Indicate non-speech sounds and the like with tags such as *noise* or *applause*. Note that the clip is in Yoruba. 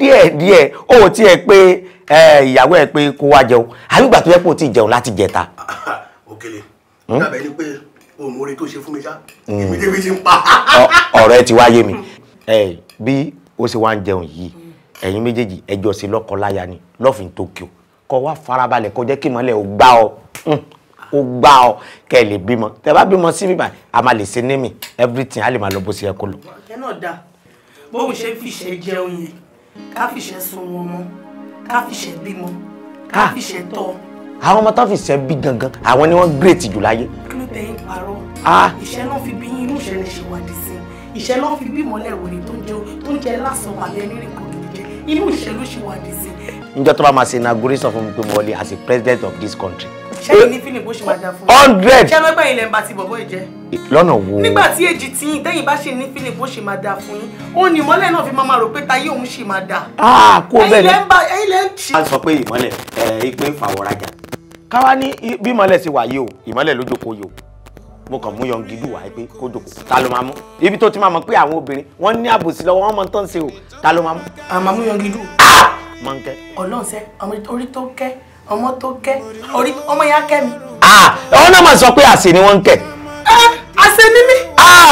díẹ̀díẹ̀ ó ti ẹ̀ pé ìyàwó ẹ̀ pé kó wá jẹun àbígbà tó yẹ kó ti jẹun láti jẹta. *laughs* òkèlè hmm? dábàá ẹni pé o mú orí tó ṣe fún mi ṣá hmm. èmi débi ti ń pa. *laughs* ọ̀rọ̀ ẹ ti wáyé mi bí ó ṣe wá ń jẹun yìí ẹ̀yin méjèèjì ẹjọ́ sí lọ́kọ-láya ni lọ́fìn Tokyo kọ́ wá farabalẹ̀ kó kí ìmọ̀lẹ̀ ò gbá ọ ó gbá ọ hmm. kẹ lè bímọ tẹ bá bímọ sí bíbá a máa lè ṣe némi everything a lè máa lọ bó ṣe yẹ kó lọ. ọ̀kẹ́ náà dáa bó ṣe fi ṣe jẹun yẹn ká fìṣẹ́ sun wọn mọ́ ká fìṣẹ́ bímọ ká fìṣẹ́ tọ́. àwọn ọmọ tán fìṣẹ́ bí gangan àwọn ni wọ́n gírètì jù láyé. kí ló bẹ̀yìn parọ́ ìṣẹ́ náà fi bí inú ìṣẹ̀lẹ̀ ṣe wà dé sí ìṣẹ́ náà fi bí ìmọ̀lẹ̀ wòlé tó ń jẹ tó ń jẹ lásán pàdé nírìn kò kì í jẹ inú ìṣẹ́ ló ṣe wà dé sí. níjọ́ tó bá máa ṣe inauguration fún mi pé mo wọlé as a president of this country hundred. ṣé ẹlọgbẹ́ ilẹ̀ ń bá ti bọ̀bọ̀ ìjẹ́. lọ́nà wo. nígbà tí èjì tí yín tẹ́yìn bá ṣe ní fílìm bó ṣe máa dá fún yín òun ni ìmọ́lẹ̀ náà fi máa máa rò pé tayé òun ṣì máa dá. aa ah, kó bẹ́ẹ̀ ni. ẹ̀yin lẹ́ ń ṣe. a sọ pé ìmọ́lẹ̀ ẹ ìpín fàwọ̀rajà káwá ní bí ìmọ́lẹ̀ ṣe wà yìí o ìmọ́lẹ̀ ló jókòó yìí o mo kàn mú yọngi lù wá pé kó jòkó ta ló máa mú ibi tó ti máa mọ pé àwọn obìnrin wọn ní àbòsí lọ́wọ́ wọn mọ tán ṣe o ta ló máa mú. àmàmú yọngi lù. máa ń ah! kẹ́. ọlọ́run sẹ́ orí tó kẹ́ ọmọ tó kẹ́ orí ọmọ yẹn á mi. Ah, ọ̀hún náà mà sọ pé àṣẹ ni wọ́n ń kẹ́. Eh, àṣẹ ni mí. Ah,